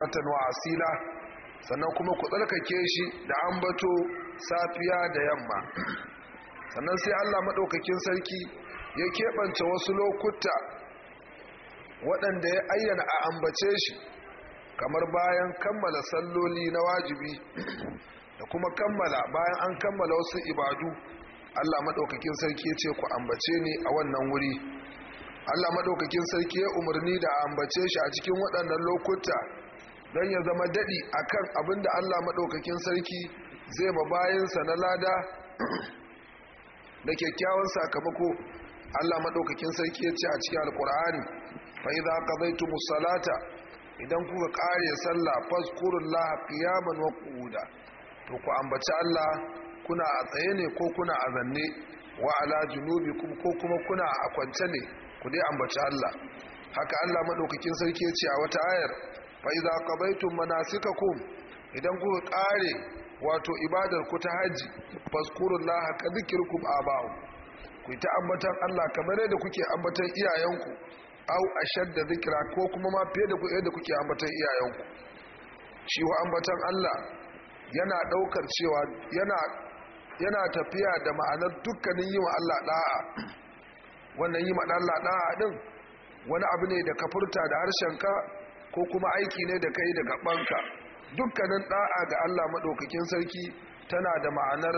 watan wa asila sannan kuma ku tsarkake shi da ambato safiya da yamma sannan sai Allah maɗaukakin sarki ya keɓance wasu lokuta waɗanda ya ayyana a ambace shi kamar bayan kammala salloli na wajibi da kuma kammala bayan an kammala wasu ibadu Allah maɗaukakin sarki ya ce ku ambace ni a wannan wuri Allah maɗaukakin sarki ya umarni da ambace shi a cikin waɗannan lokuta don ya zama daɗi kan abin da Allah maɗaukakin sarki zai ba bayansa na lada da kyakkyawan sakamako Allah maɗaukakin sarki ya ce a cikin alkur'ani fa zai tu salata idan kuka kare sallah Laha, qiyaman wa qu'uda to ku ambaci Allah kuna a tsaye ne ko kuna a zanne wa ala ko kuma kuna a kwance ne ku dai ambaci Allah haka Allah maɗaukakin sarki ya ce a wata ayar fa idza qadaytum manasikakum idan ku kare wato ibadar ku ta haji fazkurullaha ka a aba'u ku ta ambatan Allah kamar yadda kuke ambatan iyayenku au da zikira ko kuma ma fiye da yadda kuke ambatan iyayenku shi wa ambatan Allah yana daukar cewa yana yana tafiya da ma'anar dukkanin yi wa Allah da'a wannan yi ma Allah da'a din wani abu ne da ka furta da harshenka ko kuma aiki ne da kai daga gabanka dukkanin da'a ga Allah madaukakin sarki tana da ma'anar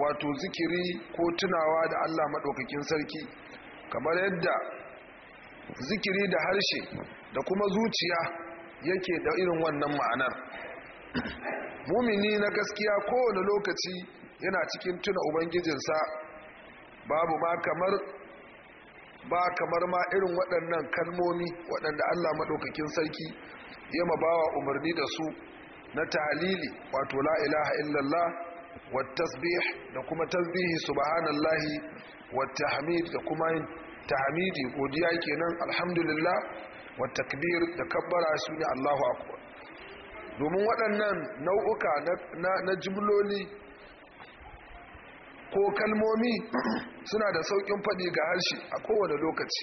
wato zikiri ko tunawa da Allah madaukakin sarki kamar yadda zikiri da harshe da kuma zuciya yake da irin wannan ma'anar mumini na gaskiya kowane lokaci yana cikin tuna ubangijinsa babu ma kamar ba kamar ma irin waɗannan kalmomi waɗanda Allah maɗaukakin sarki ya mabawa umarni da su na talili wato la ilaha illallah wa tasbih da kuma tasbihi subhanallahi wa da kuma yin tahmidi godiya kenan alhamdulillah wa takbir da kabbara su ne Allahu akbar domin waɗannan nau'uka na jimloli ko kalmomi suna da saukin faɗi ga harshe a kowane lokaci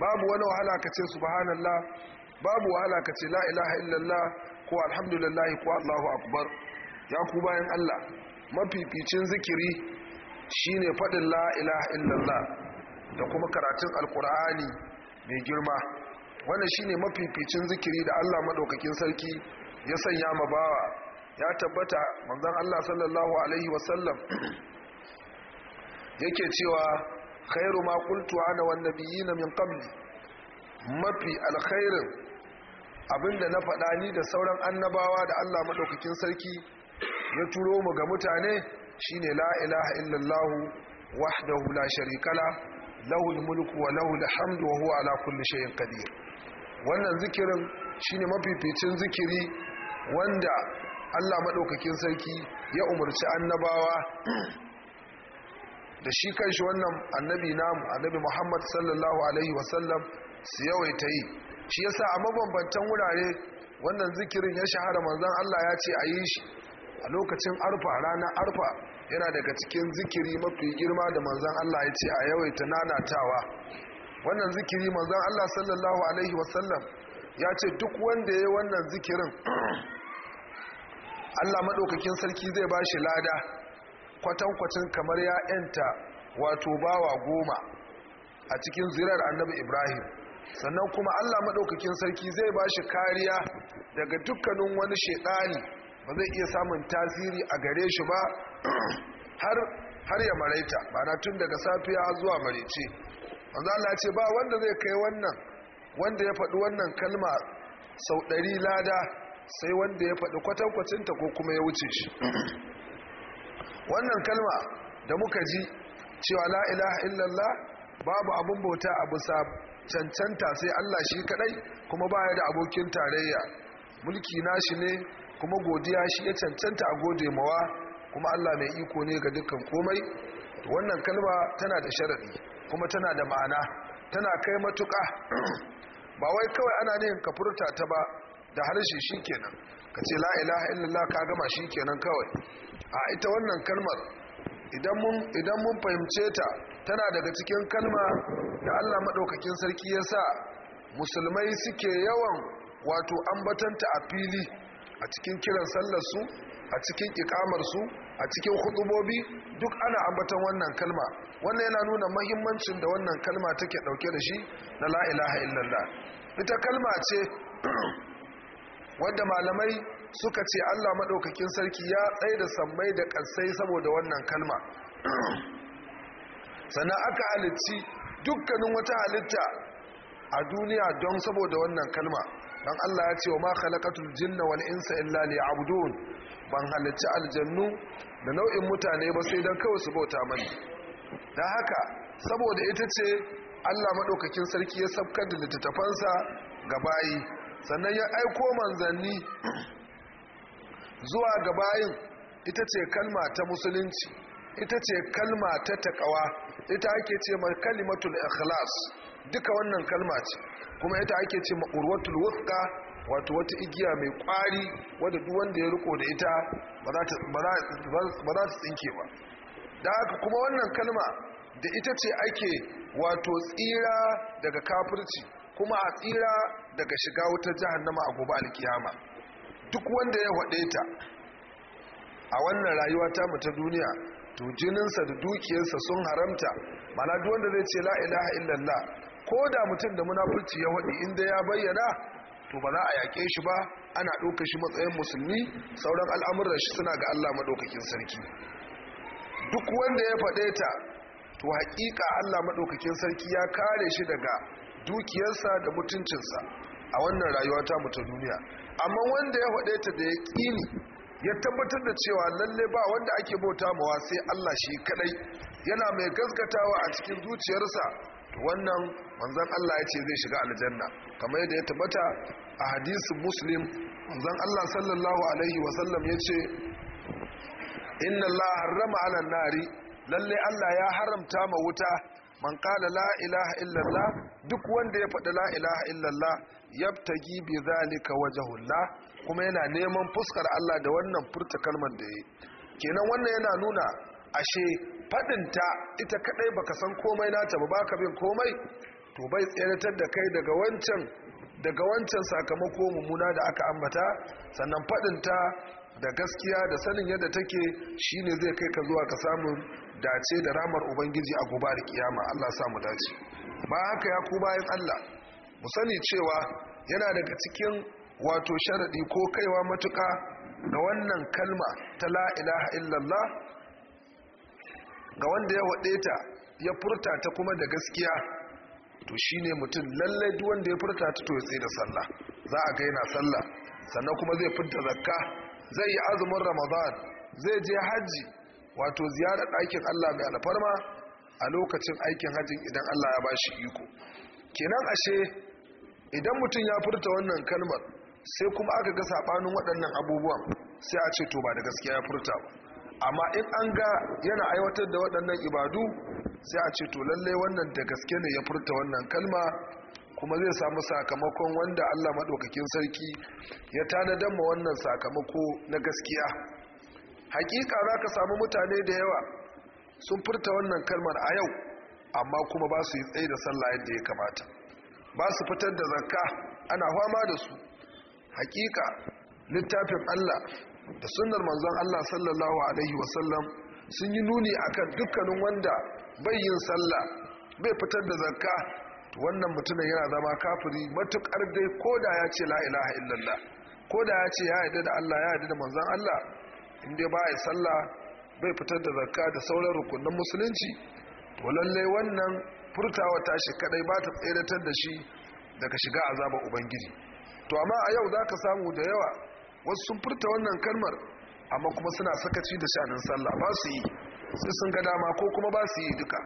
babu wani wahala ka ce subhanallah babu wahala ka ce la ilaha illallah ko alhamdulillah ko allahu akbar ya ku bayan allah mafificin zikiri shine faɗin la ilaha illallah da kuma karatun alkur'ani mai girma wannan shine mafificin zikiri da allah maɗaukakin sarki ya sanya ma bawa ya tabbata manzon allah sallallahu alaihi wasallam yake cewa khairu ma qultu ana wan nabiyina min qabli mafi alkhairin abinda na faɗa ni da sauran annabawa da Allah madaukakin sarki ya turo mu ga mutane shine la ilaha illallah wahdahu la sharika la lahul mulku wa lahul hamdu wa huwa ala kulli shay'in qadir wannan zikirin shine mafificin zikiri wanda Allah madaukakin sarki ya umarci annabawa da shi kanshi wannan annabi namu annabi muhammad sallallahu alaihi wasallam su yawaita yi shi ya sa a mabambantan wurare wannan zikirin ya shahara manzan allah ya ce a yi shi a lokacin arfa ranar arfa yana daga cikin zikiri mafi girma da manzan allah ya ce a yawaita nanatawa wannan zikiri manzan allah sallallahu alaihi wasallam ya ce duk wanda ya yi wannan zikirin allah maɗaukakin sarki zai ba shi lada kwatankwacin kamar ya yanta wato bawa goma a cikin zirar annabi ibrahim sannan kuma allah maɗaukakin sarki zai ba shi kariya daga dukkanin wani shaidani ba zai iya samun tasiri a gare shi ba har ya maraita ba na tun daga safiya zuwa maraice wanda allah ce ba wanda zai kai wannan wanda ya faɗi wannan kalma sau ɗari lada sai wanda ya faɗi kwatankwacinta ko kuma ya wuce shi wannan kalma da muka ji cewa la illallah babu abun bauta a bisa cancanta sai Allah shi kadai kuma baya da abokin tarayya mulki nashi ne kuma godiya shi ya cancanta a gode mawa kuma Allah mai iko ne ga dukkan komai wannan kalma tana da sharadi kuma tana da ma'ana tana kai matuka ba wai kawai ana ne ka furta ta ba da harshe shi kenan ka ce la illallah ka gama shi kenan kawai a ita wannan kalmar idan mun fahimce ta tana daga cikin kalma da allah maɗaukakin sarki ya sa musulmai suke yawan wato ambatanta a fili a cikin kiran sallarsu a cikin ikamarsu a cikin hudubobi duk ana ambatan wannan kalma wannan yana nuna mahimmancin da wannan kalma take ɗauke da shi na la'ilaha illallah ita kalma ce wadda malamai suka ce Allah maɗaukakin sarki ya tsaye da sammai da ƙasai saboda wannan kalma sannan aka halitci dukkanin wata halitta a duniya don saboda wannan kalma don Allah ya ce wa ma halakatun jinna wani insa illa liya'budun ban halicci aljannu da nau'in mutane ba sai don kawai su bauta mani da haka saboda ita ce Allah maɗaukakin sarki ya sabkar da littattafansa ga bayi sannan ya aiko manzanni zuwa ga bayin ita ce kalma ta musulunci ita ce kalma ta taƙawa, ita ake ce ma kalimatul ikhlas duka wannan kalma ce kuma ita ake ce ma urwatul wato wata igiya mai kwari wadda duk wanda ya riko da ita ba za ta tsinke ba da kuma wannan kalma da ita ce ake wato tsira daga kafirci kuma a tsira daga shiga wutar nama a gobe alkiyama duk wanda ya faɗe ta a wannan rayuwa ta mu duniya to jininsa da dukiyarsa sun haramta mana duk wanda zai ce la ilaha illallah ko da mutum da munafurci ya faɗi inda ya bayyana to ba za a yaƙe shi ba ana ɗauka shi matsayin musulmi sauran al'amuran shi suna ga Allah maɗaukakin sarki duk wanda ya faɗe ta to haƙiƙa Allah maɗaukakin sarki ya kare shi daga dukiyarsa da mutuncinsa a wannan rayuwa ta mu duniya amma wanda ya faɗe ta da ya ƙini ya tabbatar da cewa lalle ba wanda ake bauta mawa sai Allah shi kadai yana mai gaskatawa a cikin zuciyarsa wannan manzon Allah ya ce zai shiga aljanna kamar yadda ya tabbata a hadisin muslim manzon Allah sallallahu alaihi wa ya ce inna Allah harrama 'alan nari lalle Allah ya haramta ma wuta man qala la ilaha illallah duk wanda ya faɗi la ilaha illallah yabtagi bi zalika wajhullah kuma yana neman fuskar Allah da wannan furta kalmar da yi kenan wannan yana nuna ashe ta ita kadai baka san komai nata ba baka bin komai to bai tsayatar da kai daga wancan daga wancan sakamako mummuna da aka ambata sannan ta da gaskiya da sanin yadda take shine zai kai ka zuwa ka samu dace da ramar ubangiji a gobe da kiyama Allah samu dace ba haka ya ku bayan Allah mu sani cewa yana daga cikin wato sharadi ko kaiwa matuka ga wannan kalma ta la ilaha illallah ga wanda ya waɗe ta ya furta ta kuma da gaskiya to shi ne mutum lallai duk wanda ya furta ta to ya tsaye da sallah za a gaina sallah sannan kuma zai furta zakka zai yi azumin ramadan zai je hajji wato ziyarar ɗakin allah mai alfarma a lokacin aikin hajji idan allah ya ba shi iko kenan ashe idan mutum ya furta wannan kalmar sai kuma aka ga sabanin waɗannan abubuwan sai a ce to ba da gaskiya ya furta amma in an ga yana aiwatar da waɗannan ibadu sai a ce to lalle wannan da gaske ne ya furta wannan kalma kuma zai samu sakamakon wanda Allah maɗaukakin sarki ya tanadar ma wannan sakamako na gaskiya hakika za ka samu mutane da yawa sun furta wannan kalmar a yau amma kuma ba su yi tsaye da sallah yadda ya kamata ba su fitar da zakka ana fama da su hakika littafin Allah da sunnar manzon Allah sallallahu alaihi wasallam sun yi nuni akan dukkanin wanda bai yin sallah bai fitar da zarka wannan mutumin yana zama kafiri matukar dai koda ya ce la ilaha illallah koda ya ce ya yarda da Allah ya yarda da manzon Allah inda ba ya sallah bai fitar da zakka da sauran rukunin musulunci to lallai wannan furtawa tashi kadai ba ta tseratar da shi daga shiga azabar ubangiji to amma a yau za ka samu da yawa wasu sun furta wannan kalmar amma kuma suna sakaci da shanin sallah ba su yi sai sun ga dama ko kuma ba su yi duka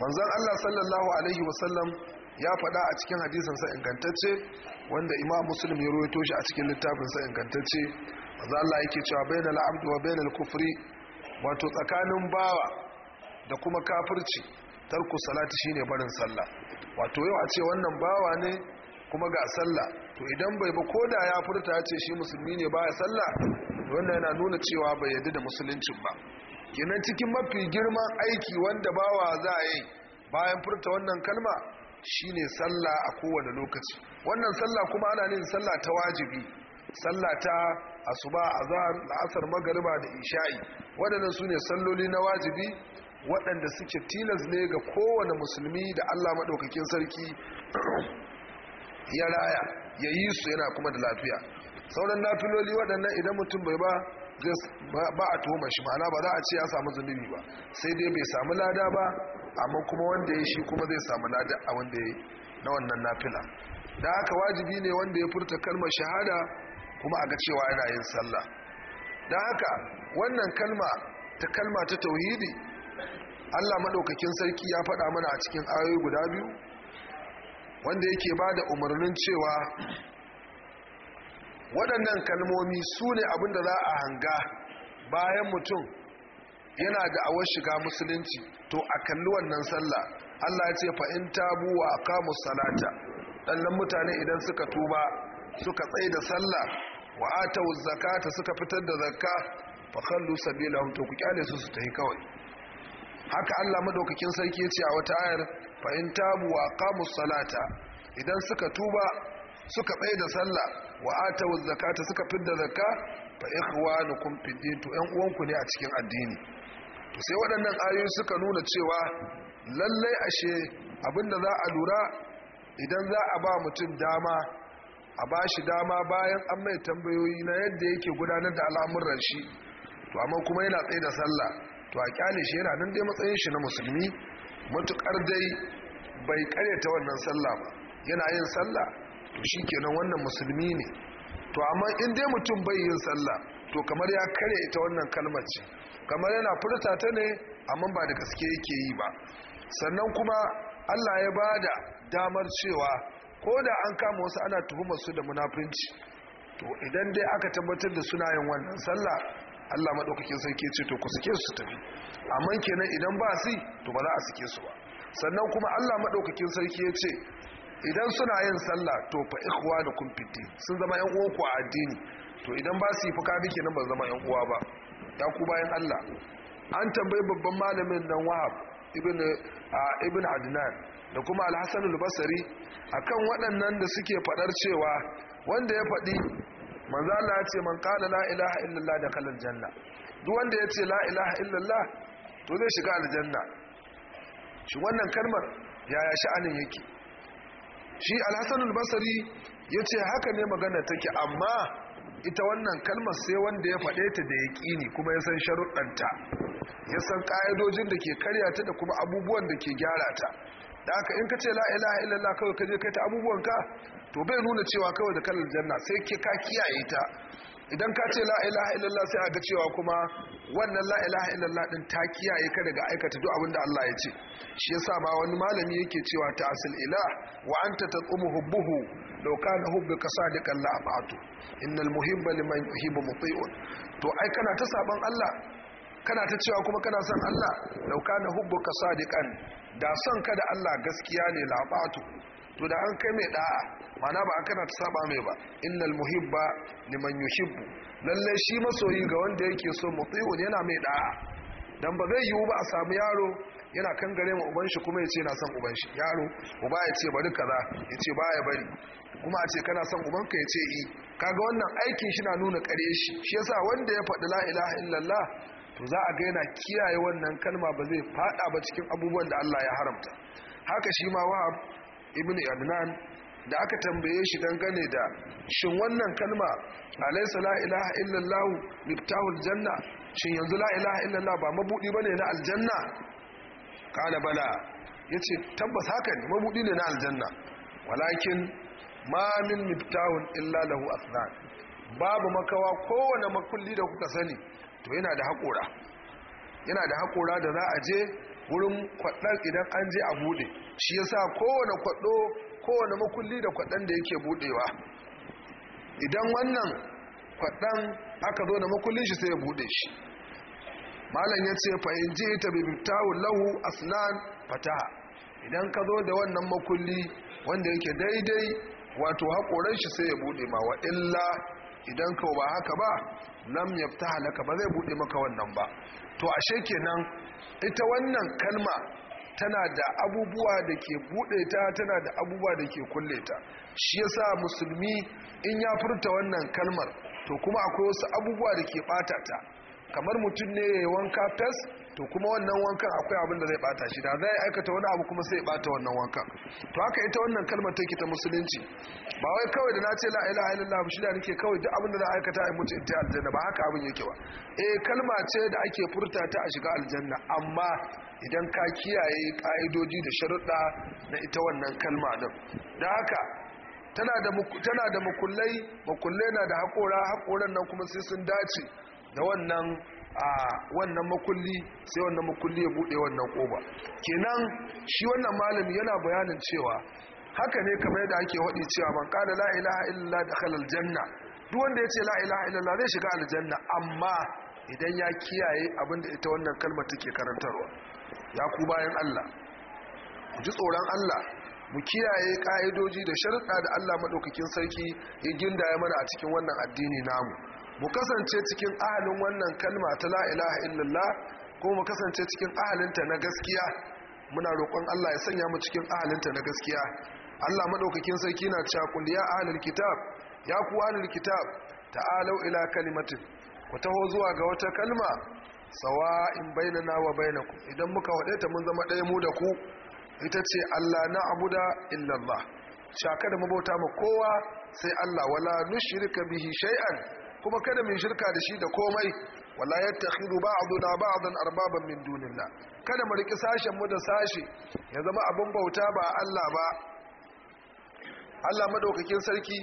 manzon Allah sallallahu alaihi wasallam ya faɗa a cikin sa ingantacce wanda imam muslim ya ruwaito shi a cikin sa ingantacce manzon yake cewa bayan abdu wa bainal kufri wato tsakanin bawa da kuma kafirci tarku salati shine barin sallah wato yau a ce wannan bawa ne kuma ga sallah to idan bai ba koda ya furta ya ce shi musulmi ne baya sallah wannan yana nuna cewa bai yadda da musuluncin ba kenan cikin mafi girman aiki wanda bawa za a yi bayan furta wannan kalma shine sallah a kowane lokaci wannan sallah kuma ana yin sallah ta wajibi sallah ta asuba azhar la'asar magariba da isha'i waɗannan sune salloli na wajibi waɗanda suke tilas ne ga kowane musulmi da allah maɗaukakin sarki ya raya ya yi su yana kuma da lafiya sauran nafiloli waɗannan idan mutum bai ba ba a tuhumar shi ma'ana ba za a ce ya samu zunubi ba sai dai bai samu lada ba amma kuma wanda ya shi kuma zai samu lada a wanda ya na wannan nafila da haka wajibi ne wanda ya furta kalmar shahada kuma a ga cewa yana yin sallah da haka wannan kalma ta kalma ta tauhidi Allah maɗaukakin sarki ya faɗa mana a cikin ayoyi guda biyu wanda yake ba da umarnin cewa waɗannan kalmomi su ne abinda za a hanga bayan mutum yana da awar shiga musulunci to a kalli wannan sallah Allah ya ce fa'in tabu wa kamu salata ɗannan mutane idan suka tuba suka tsaye da sallah wa ata zakata suka fitar da zakka fa kallu sabila to ku kyale su su yi kawai haka Allah madaukakin sarki ya ce a wata ayar fa in tabu wa aqamus salata idan suka tuba suka bai da sallah wa atawu zakata suka fidda zakka fa ikhwanukum fid din to ɗan uwanku ne a cikin addini to sai waɗannan ayoyi suka nuna cewa lallai ashe abinda za a lura idan za a ba mutum dama a ba shi dama bayan an mai tambayoyi na yadda yake gudanar da al'amuran shi to amma kuma yana tsaye da sallah to a kyale shi yana nan dai matsayin shi na musulmi matukar dai bai ta wannan sallah ba yana yin sallah to shi kenan wannan musulmi ne to amma in dai mutum bai yin sallah to kamar ya karya ita wannan kalmar ce kamar yana furta ta ne amma ba da gaske yake yi ba sannan kuma Allah ya bada damar cewa ko da an kama wasu ana tuhumar su da munafinci to idan dai aka tabbatar da suna yin wannan sallah Allah madaukakin sarki ce to ku sike su tafi amma kenan idan ba su to ba za a su ba sannan kuma Allah maɗaukakin sarki ya ce idan suna yin sallah to fa da fiddin sun zama yan uwanku a addini to idan ba su yi fuka bike nan ba zama yan uwa ba ya ku bayan Allah an tambayi babban malamin dan Wahab ibn ibn Adnan da kuma Al-Hasan al-Basri akan waɗannan da suke faɗar cewa wanda ya faɗi manzo Allah ya ce man qala la ilaha illallah da kalal janna duk wanda ya ce la ilaha illallah to zai shiga aljanna shi wannan kalmar yaya sha'anin yake shi al-hasan al-basri yace haka ne magana take amma ita wannan kalmar sai wanda ya faɗeta ta da yaqini kuma ya san sharuɗanta ya san ƙa'idojin da ke karya ta da kuma abubuwan da ke gyara ta da haka in ka ce la ilaha illallah kawai ka je kai ta ka? to bai nuna cewa kawai da kalar janna sai ke ka kiyaye ta idan ka ce la illallah sai a ga cewa kuma wannan la illallah din ta kiyaye ka daga aikata duk abinda Allah ya ce shi yasa ba wani malami yake cewa ta asil ila wa anta taqumu hubbuhu ka sa da kalla a batu innal muhimba liman yuhibbu muti'un to ai kana ta saban Allah kana ta cewa kuma kana son Allah na hubu ka sadiqan da son ka da Allah gaskiya ne Labatu. to da an kai mai da'a mana ba aka na ta saba mai ba innal muhibba liman yuhibbu lalle shi masoyi ga wanda yake so mutiun yana mai ɗa'a. dan ba zai yiwu ba a samu yaro yana kan gare mu uban shi kuma yace yana son uban shi yaro uba ya ce bari kaza yace baya bari kuma a ce kana son uban ka yace i eh. kaga wannan aikin shi na nuna kare shi shi yasa wanda ya faɗi la ilaha illallah to za a ga yana kiyaye wannan kalma ba zai fada ba cikin abubuwan da Allah ya haramta haka shi ma wa ibnu adnan da aka tambaye shi dangane da shin wannan kalma alaysa la ilaha illallah miftahul janna shin yanzu la ilaha illallah ba mabudi bane na aljanna kala bala yace tabbas haka ne mabuɗi ne na aljanna walakin mamin min miftahun illa lahu babu makawa kowane makulli da kuka sani to yana da haƙora. yana da haƙora da za a je wurin kwaɗar idan an je a buɗe shi yasa kowane kwaɗo kowane makulli da kwaɗan da yake buɗewa idan wannan kwaɗan aka zo da makullin shi sai ya buɗe shi malam ya ce fa'in ji ta bibitawu lahu asnan fataha idan ka zo da wannan makulli wanda yake daidai wato haƙoran shi sai ya buɗe ma wa illa idan ka ba haka ba lam yaftaha halaka ba zai buɗe maka wannan ba to ashe kenan ita wannan kalma tana da abubuwa da ke buɗe ta tana da abubuwa da ke kulle ta shi yasa musulmi in ya furta wannan kalmar to kuma akwai wasu abubuwa da ke ɓata ta kamar mutum ne ya yi wanka tas to kuma wannan wankan akwai abin da zai bata shi da zai aikata wani abu kuma sai bata wannan wankan to haka ita wannan kalmar take ta musulunci ba wai kawai da na ce la ilaha illallah shi da nake kawai duk abin da za aikata ai mutu ita aljanna ba haka abin yake ba E, kalma ce da ake furta ta a shiga aljanna amma idan ka kiyaye ka'idoji da sharuɗa na ita wannan kalma din da haka tana da mukullai makullai na da haƙora haƙoran nan kuma sai sun dace da wannan a wannan makulli sai wannan makulli ya bude wannan koba kenan shi wannan malami yana bayanin cewa haka ne kamar yadda ake wadi cewa man qala la ilaha illallah dakhala aljanna duk wanda yace la ilaha illallah zai shiga aljanna amma idan ya kiyaye abinda ita wannan kalmar take karantarwa ya ku bayan Allah ku ji tsoron Allah mu kiyaye ka'idoji da sharuɗa da Allah maɗaukakin sarki ya gindaya mana a cikin wannan addini namu mu kasance cikin ahalin wannan kalma ta la ilaha illallah kuma mu kasance cikin ahalinta na gaskiya muna roƙon Allah ya sanya mu cikin ahalinta na gaskiya Allah maɗaukakin sarki na cewa kul ya ahalin kitab ya ku ahalin kitab ta'alau ila kalimatin ku taho zuwa ga wata kalma sawa'in bainana wa ku. idan muka wade ta mun zama ɗaya mu da ku ita ce Allah na abuda illallah shaka da mabauta ma kowa sai Allah wala nushrika bihi shay'an kuma kada mu shirka da shi da komai wala ya yattakhidu ba'duna ba'dan arbaban min dunillah kada mu riki sashen mu da sashi ya zama abin bauta ba Allah ba Allah madaukakin sarki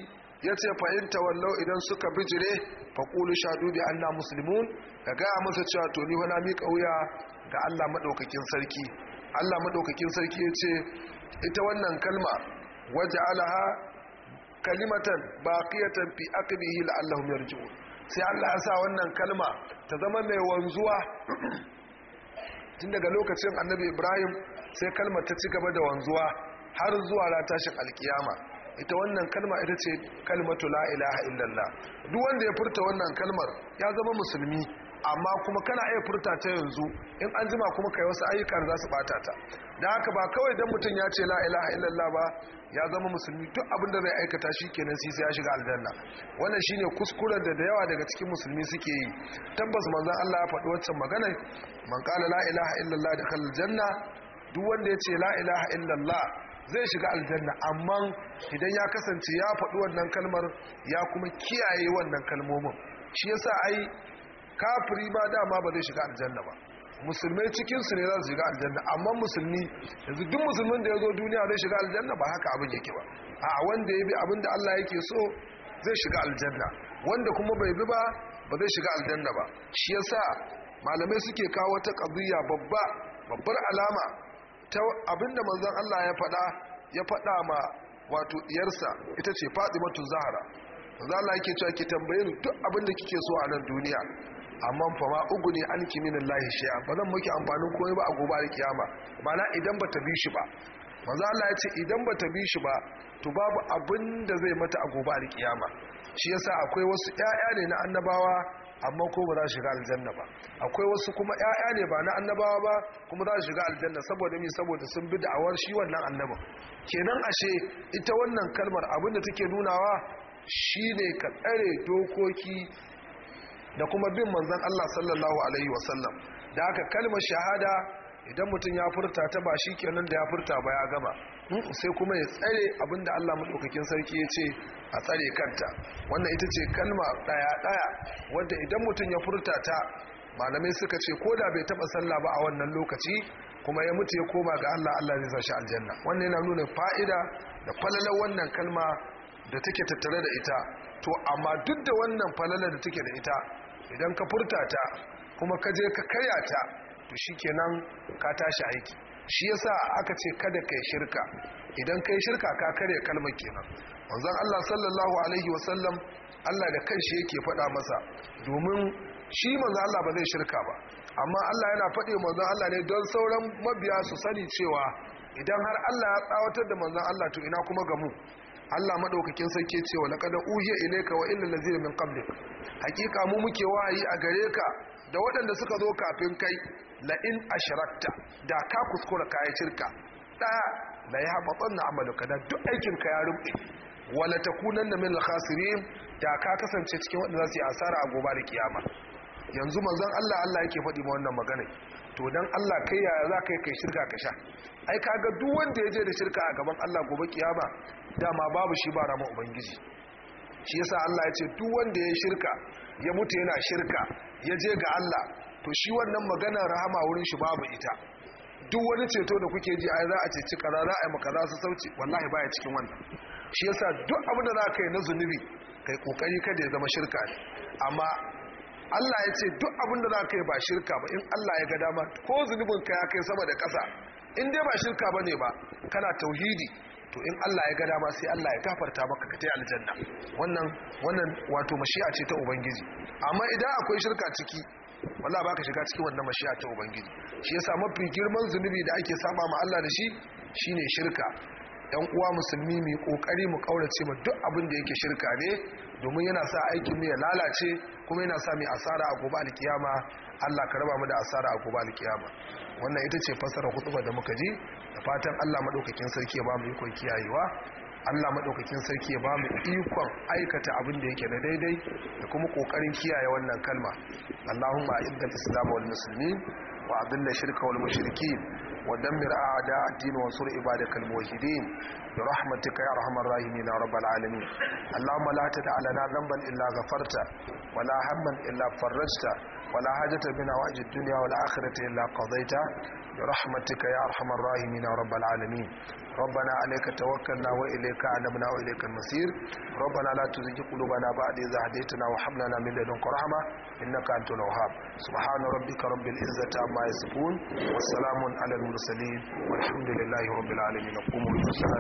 yace fa in wallau idan suka bijire fa qulu shahadu bi anna muslimun kaga masa cewa to ni wala mika wuya ga Allah madaukakin sarki Allah madaukakin sarki yace ita wannan kalma waja'alaha kalimatan baqiyatan fi aqlihi la'allahum yarji'un sai Allah ya sa wannan kalma ta zama mai wanzuwa tun daga lokacin annabi Ibrahim sai kalmar ta ci gaba da wanzuwa har zuwa ran tashin alkiyama ita wannan kalma ita ce kalmatu la ilaha illallah duk wanda ya furta wannan kalmar ya zama musulmi amma kuma kana iya furta ta yanzu in an jima kuma kai wasu ayyuka za su bata ta da haka ba kawai dan mutum ya ce la ilaha illallah ba ya zama musulmi duk abin da zai aikata shi kenan sai ya shiga aljanna wannan shine kuskuren da da yawa daga cikin musulmi suke yi tabbas manzon Allah ya faɗi waccan magana man qala la ilaha illallah dakhala aljanna duk wanda ya ce la ilaha illallah zai shiga aljanna amma idan ya kasance ya faɗi wannan kalmar ya kuma kiyaye wannan kalmomin shi yasa ai kafiri ba dama ba zai shiga aljanna ba musulmai cikinsu ne za su shiga aljanna amma musulmi yanzu duk musulmin da ya zo duniya zai shiga aljanna ba haka abin yake ba a wanda ya bi abin da allah yake so zai shiga aljanna wanda kuma bai bi ba ba zai shiga aljanna ba shi yasa malamai suke kawo wata qadiyya babba babbar alama ta abinda manzon Allah ya faɗa ya faɗa ma wato diyarsa ita ce Fatimatu Zahra manzon Allah yake cewa ki tambaye ni duk da kike so a nan duniya amma fa ma uguni anki min Allah shay'a ba zan miki amfanin komai ba a gobe da kiyama mana idan ta bi shi ba manzo Allah ya ce idan bata bi shi ba to babu abin da zai mata a gobe da kiyama shi yasa akwai wasu ƴaƴa ne na annabawa amma ko ba za shiga aljanna ba akwai wasu kuma ƴaƴa ne ba na annabawa ba kuma za shiga aljanna saboda me saboda sun bi da'awar shi wannan annabin kenan ashe ita wannan kalmar abin da take nunawa shine ka tsare dokoki da kuma bin manzon Allah sallallahu alaihi wasallam da aka kalmar shahada idan mutum ya furta ta ba shi kenan da ya furta ba ya gama hmm, sai kuma ya tsare abinda Allah maɗaukakin sarki ya ce a tsare kanta wannan ita ce kalma ɗaya-ɗaya wadda idan mutum ya furta ta malamai suka ce ko da bai taɓa sallah ba a wannan lokaci kuma ya mutu ya koma ga Allah Allah zai sashi aljanna wannan yana nuna fa'ida da falalar wannan kalma da take tattare da ita to amma duk da wannan falalar da take da ita idan ka furta ta kuma ka je ka karya ta to shi kenan ka tashi aiki shi yasa aka ce kada yi shirka idan yi shirka ka karya kalmar kenan wanzan Allah sallallahu alaihi wasallam Allah da shi yake faɗa masa domin shi manzan Allah ba zai shirka ba amma Allah yana faɗi manzon Allah ne don sauran mabiya su sani cewa idan har Allah ya tsawatar da manzon Allah to ina kuma ga mu Allah madaukakin sarki ce wa laqad uhiya ilayka wa illal ladhina min qablik hakika mu muke wayi a gare ka da waɗanda suka zo kafin kai la in ashrakta da ka kuskura kai shirka da la ya batanna amaluka da duk aikin ka ya rubi wala takunanna min al-khasirin da ka kasance cikin waɗanda za su yi asara a gobe da kiyama yanzu manzon Allah Allah yake faɗi ma wannan magana to don Allah kai ya za ka kai shirka ka sha ai kaga duk wanda ya je da shirka a gaban Allah gobe kiyama dama babu shi ba rama ubangiji shi yasa Allah ya ce duk wanda ya shirka ya mutu yana shirka ya je ga Allah to shi wannan magana rahama wurin shi babu ita duk wani ceto da kuke ji ai za a ceci kaza za a yi maka za su sauci wallahi baya cikin wannan shi yasa duk abin da za ka yi na zunubi kai kokari kada ya zama shirka ne amma Allah ya ce duk abin da za ka yi ba shirka ba in Allah ya ga dama ko zunubin ka ya kai sama da ƙasa in dai ba shirka ba ne ba kana tauhidi to in Allah ya ga dama sai Allah ya kafarta maka ka tai aljanna wannan wannan wato mashi'a ce ta ubangiji amma idan akwai shirka ciki ba ka shiga cikin wannan mashi'a ta ubangiji shi yasa mafi girman zunubi da ake saba ma Allah da shi shine shirka yan uwa musulmi mai kokari mu kaurace ma duk abin da yake shirka ne domin yana sa aikin mu ya lalace kuma yana sa mai asara a gobe alkiyama Allah ka raba mu da asara a gobe alkiyama wannan ita ce fasara hutuba da muka ji da fatan Allah madaukakin sarki ya ba mu ikon kiyayewa Allah madaukakin sarki ya ba mu ikon aikata abin da yake na daidai da kuma kokarin kiyaye wannan kalma Allahumma iddal islam wal muslimin wa adilla shirka wal mushrikin ودمر أعداء الدين وانصر عبادك الموحدين برحمتك يا أرحم الراحمين يا رب العالمين اللهم لا تدع لنا ذنبا إلا غفرته ولا هما إلا فرجته ولا حاجة من حوائج الدنيا والآخرة إلا قضيتها برحمتك يا أرحم الراحمين رب العالمين ربنا عليك توكلنا وإليك علمنا وإليك المصير ربنا لا تزغ قلوبنا بعد إذ هديتنا وهب لنا من لدنك رحمة إنك أنت الوهاب سبحان ربك رب العزة عما يصفون وسلام على المرسلين والحمد لله رب العالمين قوموا